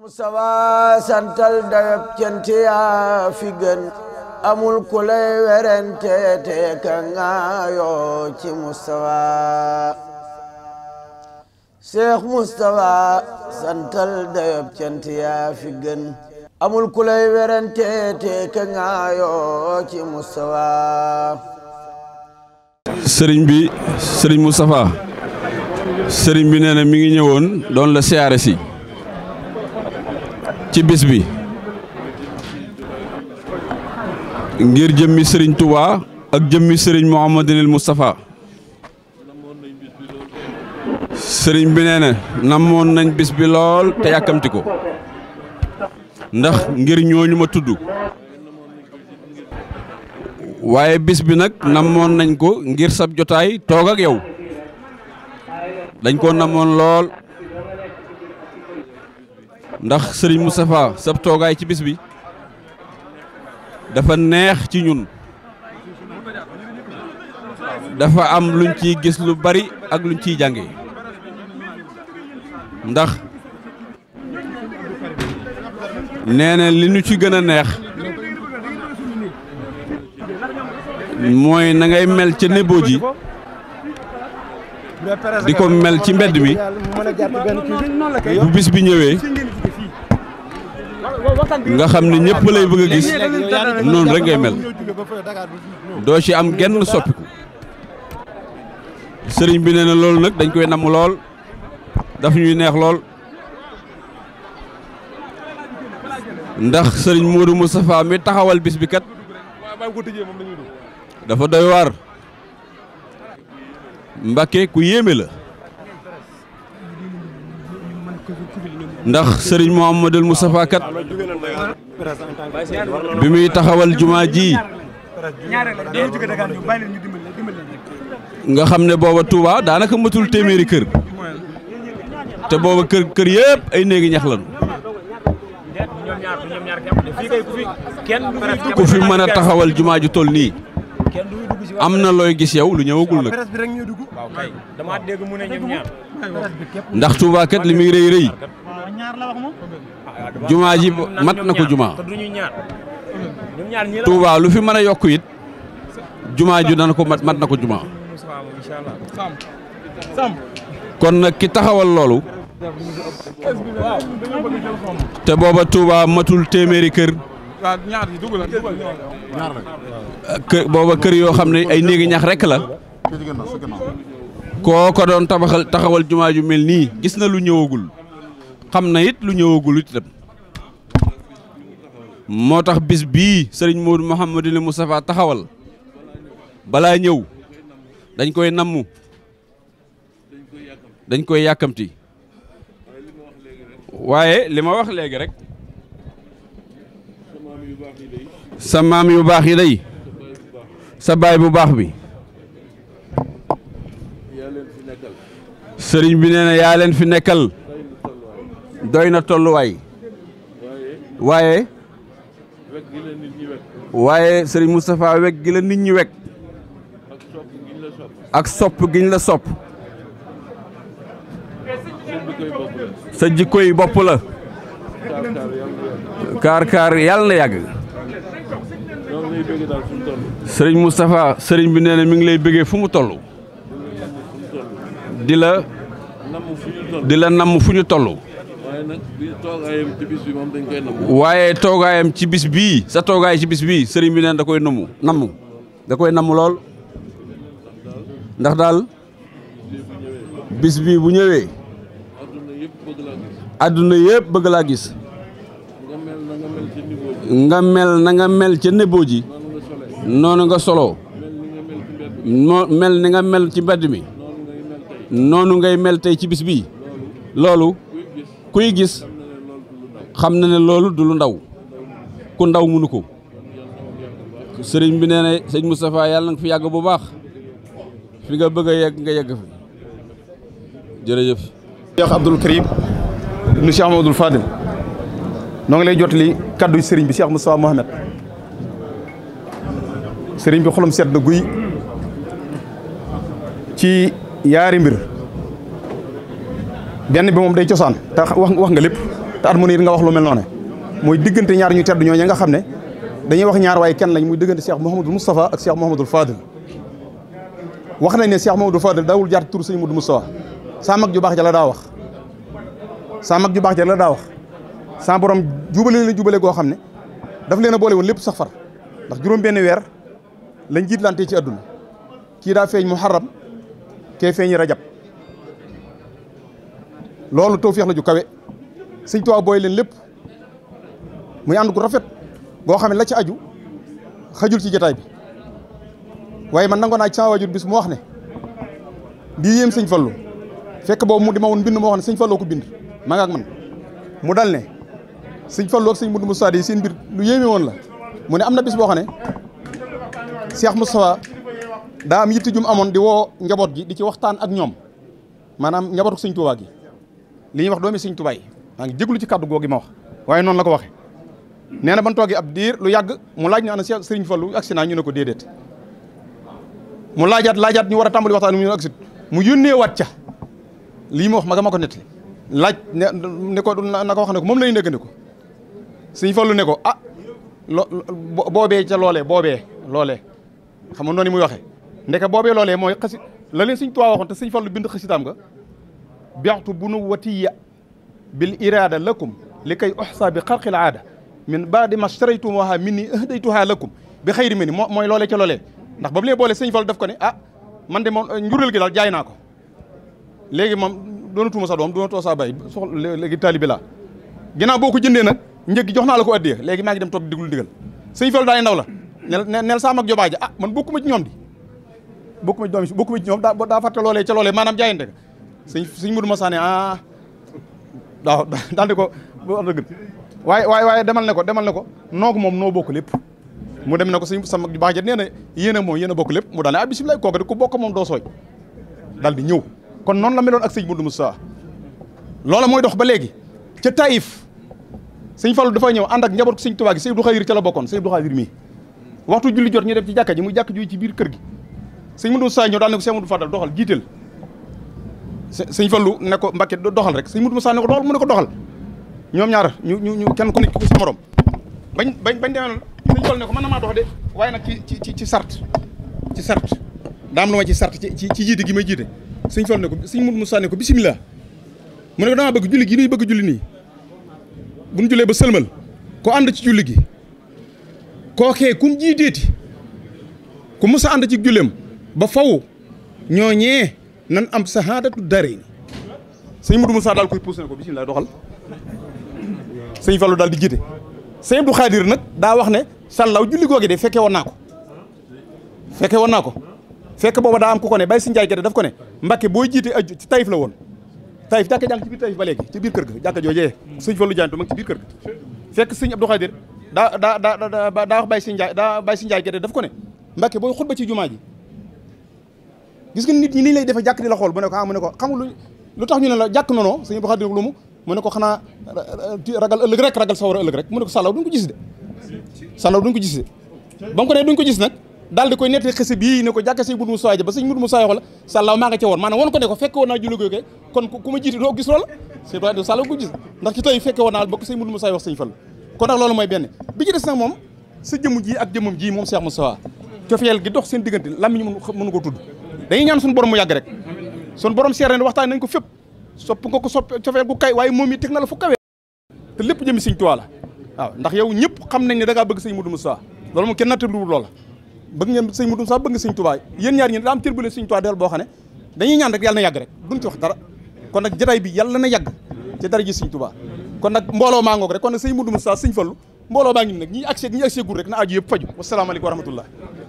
Mustafa santal dayob fi gën amul ku lay werante te ci Mustafa Sëriñ bi Sëriñ Mustafa Sëriñ bi nee mi ngi ñëwoon doon la siyaare si ci bis bi ngir jëmmi sëriñ Touba ak jëmmi sëriñ Mouhamadinil mustafa sëriñ bi nee na namoon nañ bis bi lool te yàkkamti ko ndax ngir ñooñu ma tudd waaye bis bi nag namoon nañ ko ngir sab jotaay toog ak yow dañ ko namoon lool ndax Serigne Moustapha sab toogaay ci bis bi dafa neex ci ñun dafa am luñ ciy gis lu bari ak luñ ciy jànge ndax nee na li ñu ci gën a neex mooy na ngay mel ca Nebo ji ko mel ci mbedd mi bu bis bi ñëwee nga xam ne ñëpp lay bëgg a gis noonu rek ngay mel doo ci am genn soppiku sëriñ bi nee na loolu nag dañ koy namm lool daf ñuy neex lool ndax sëriñ Modou Moustapha mi taxawal bis bi kat dafa doy waar Mbàkke ku yéeme la ndax sëriñ Mouhamadul Moustapha kat bi muy taxawal jumaa ji nga xam ne booba Touba daanaka matul téeméeri kër te booba kër kër yépp ay néegi ñax lan ku fi mën a taxawal jumaa ju toll nii am na looy gis yow lu ñëwagul nag ndax Touba li muy rëy rëy jumaa ji mat na ko jumaa Touba lu fi mën a yokk it jumaa ju dana ko mat mat na ko jumaa kon nag ki taxawal loolu te booba Touba matul téeméeri kër kë booba kër yoo xam ne ay néegi ñax rekk la koo doon tabaxal taxawal jumaa ju mel nii gis na lu ñëwagul xam na it lu ñëwagul itam moo tax bis bii sëriñ Modou Mouhamadou Moustapha taxawal balaa ñëw dañ koy namm dañ koy yàkkamti waaye li ma wax léegi rek sa maam yu baax yi day sa baay bu baax bi sëriñ bi nee na fi nekkal doy na tolluwaay waaye waaye sëriñ Moustapha weg gi la nit ñi weg ak sopp giñ la sopp sa jikkoy bopp la kaar kaar yàlla na yàgg sëriñ Moustapha sëriñ bi nee na mi ngi lay bëggee fu mu toll di la di la namm fu ñu toll waaye nag toogaayam ci bis bii sa toogaay ci bis bii sëriñ bi neen da koy namu namm da koy namm lool ndax daal bis bii bu ñëwee. adduna yëpp bëgg laa gis. nga mel nanga mel ca neboo noonu nga solo. noo mel ni nga mel ci mbedd mi. noonu ngay mel ci bis bii. loolu. kuy gis xam na ne loolu du lu ndaw ku ndaw mënu ko sëriñ bi nee na sëñ Moustapha yàlla na nga fi yàgg bu baax fi nga bëgg a yegg nga yegg fi jërëjëf. Cheikh Abdoul Karim ibnu Cheikh Mamadou Fadil noo ngi lay li kàddu sëriñ bi Cheikh Moustapha Mohamed sëriñ bi xolom seet na guy ci yaari mbir. benn bi moom day cosaan te wax wax nga lépp te at mu ne nga wax lu mel noonu mooy diggante ñaar ñu tedd ñooñu nga xam ne dañuy wax ñaar waaye kenn lañ muy diggante Cheikh Mouhamadul Moustapha ak Cheikh Mouhamadul Fadil wax nañ ne Cheikh Mouhamadul Fadil daawul jaar tur sëñ Modou Moustapha saa mag ju baax ja la daa wax saa mag ju baax ja la daa wax saa borom jubale la jubale goo xam ne daf leen a boole woon lépp sax far ndax juróom benn weer lañ jiitlante ci àdduna kii daa feeñ muharram kee feeñi rajab loolu tawfeex la ju kawe sëñ Tuubaa booy leen lépp muy ànd gu rafet goo xam ne la ci aju xajul ci jotaay bi waaye man nangoo naa ci sama waajur bis mu wax ne di yéem sëñ Fallu fekk boobu mu di ma woon bind moo ne sëñ Falloo ko bind maa mu dal sëñ Falloo sëñ Mudu Mustafaa yi seen mbir lu yéeme woon la mu ne am na bis boo xam ne Cheikh Moustapha daa am yitti jum amoon di woo njaboot gi di ci waxtaan ak ñoom maanaam njabootu sëñ Tuubaa gi li ñuy wax doomi sëñ Tuubaa yi maa ci kàddu googu ma wax waaye noonu la ko waxee nee na ban toogee ab diir lu yàgg mu laaj ñu ana sëriñ Fallu agsi naa ñu ne ko déedéet mu laajaat laajaat ñu war a tàmbali waxtaan mu ñu mu yónnee waat ca lii ma wax ma ma ko nettali laaj ne ko na ko wax ne ko moom lay nekk ne ko sëriñ Fallu ne ko ah boobee ca loolee boobee loolee xam nga noonu muy waxee ndeke boobee loolee mooy xasi la leen sëriñ Tuubaa waxoon te sëriñ Fallu bind xasitaam nga bextu bu nu watiya bil iraada lakum li kay oxsa bi xarqil aada min baadi ma shtaraytumuha min ni ahdaytuha lakum bi xayri min ni moo mooy loole ca loolee ndax ba mu lee boole sëñ Fall def ko ne ah man de moom eh, njuréel gi daal jaay naa ko léegi moom doonatuma sa doom doonatoo sa bay léegi taalibi laa ginnaaw boo ko jëndee nag njëg jox naa la ko addiya léegi maa ngi dem toog diglu ndigal sëñ Fall daal ndaw la neel neel saam ak jobaaja ah man bokkuma ci ñoom di bokkuma ci ñoom bokkuma ci daa fàtte loolee ca maanaam jaayante sëñ sëñ Mourou Massa ne ah waaw daal di ko waaye waaye demal ne ko demal ne ko noo ko moom noo bokk lépp mu dem ne ko sëñ sama baax jët nee na yéen a moom bokk lépp mu daal ne ah bisimilah de ku bokk moom doo sooy daal di ñëw kon noonu la meloon ak sëñ Mourou Moussa loola mooy dox ba léegi ca Taïf sëñ Fallou dafay ñëw ànd ak njaboot sëñ Tuubaa gi sëñ Abdou Khadir ca la bokkoon sëñ Abdou Khadir mii waxtu julli jot ñu dem ci jàkka ji mu jàkk ji ci biir kër gi sëñ Mourou Moussa ñëw daal ne ko sëñ Mourou Fadal doxal jiital sëñ Fallu ne ko Mbàkke doxal rek sëñ Mudu Musaa ne ko doxal mu ne ko doxal ñoom ñaar ñu ñu ñu kenn ku nekk ku sa bañ bañ bañ demee sëñ Fallu ne man na maa dox de waaye nag ci ci ci sart ci sart daam lu ma ci sart ci ci jiite gi may jiite sëñ Fallu ne ko sëñ Mudu mu ne ko bisimilah mu ne ko damaa bëgg julli gi nuy bëgg julli nii bu ñu ba sëlmal ko ànd ci julli gi kookee kum jiiteeti ku mës a ànd ci julleem ba faw ñooñee nan am sahaadatu dari sëñ Modou Moussa daal koy poussé na ko bisimilah doxal sëñ Fallou daal di jiite sëñ Abdou Khadir nag daa wax ne sàllaw julli googi de fekke woon naa ko fekke woon naa ko fekk booba daa am ko ko ne bay si njaay gerte daf ko ne Mbàkke booy jiite aju ci tayif la woon tayif jàkka jàng ci ba léegi ci biir kër ga jàkka joojee sëñ Fallou Diagne mag ci biir kër ga sëñ Abdou daa daa daa daa wax bay daa bay si njaay ko ne Mbàkke booy xutba ci jumaa ji gis nga nit ñi nii lay defee jàkk di la xool mu ne ko ah mu ne ko xamul lu tax ñu ne la jàkk nono suñu baxaa di lu mu mu ne ko xanaa ragal ëllëg rek ragal sawara ëllëg rek mu ne ko sàllaw duñ ko gis de sàllaw duñ ko gis de ba mu ko ne jàkk sëñ Mudu Musaa ja ba sëñ Mudu Musaa xol sàllaw ma moom sa jëmm ji ak jëmmam ji moom Cheikh Moustapha cofeel gi dox seen diggante lammiñ mënu ko tudd dañuy ñaan suñu borom mu yàgg rek suñu borom seer na waxtaan nañ ko fépp sopp nga ko sopp cofeel gu kay waaye moom yi teg na la fu kawee te lépp jëmi sëñ Tuubaa la waaw ndax yow ñëpp xam nañ ne da ngaa bëgg sëñ Mudu Musaa loolu moom kenn nattaluwul loola bëgg ngeen sëñ Mudu Musaa bëgg nga sëñ Tuubaa yéen ñaar ñi daa am cër bu leen sëñ Tuubaa del boo xam ne dañuy ñaan rek yàlla na yàgg rek duñ ci dara kon nag jotaay bi yàlla na yàgg ci dara ji sëñ Tuubaa kon nag mbooloo maa ngoog rek kon nag sëñ Mudu Musaa sëñ Fallu mbooloo maa ngi nag ñi agsi ñi agsi gul rek na aju yëpp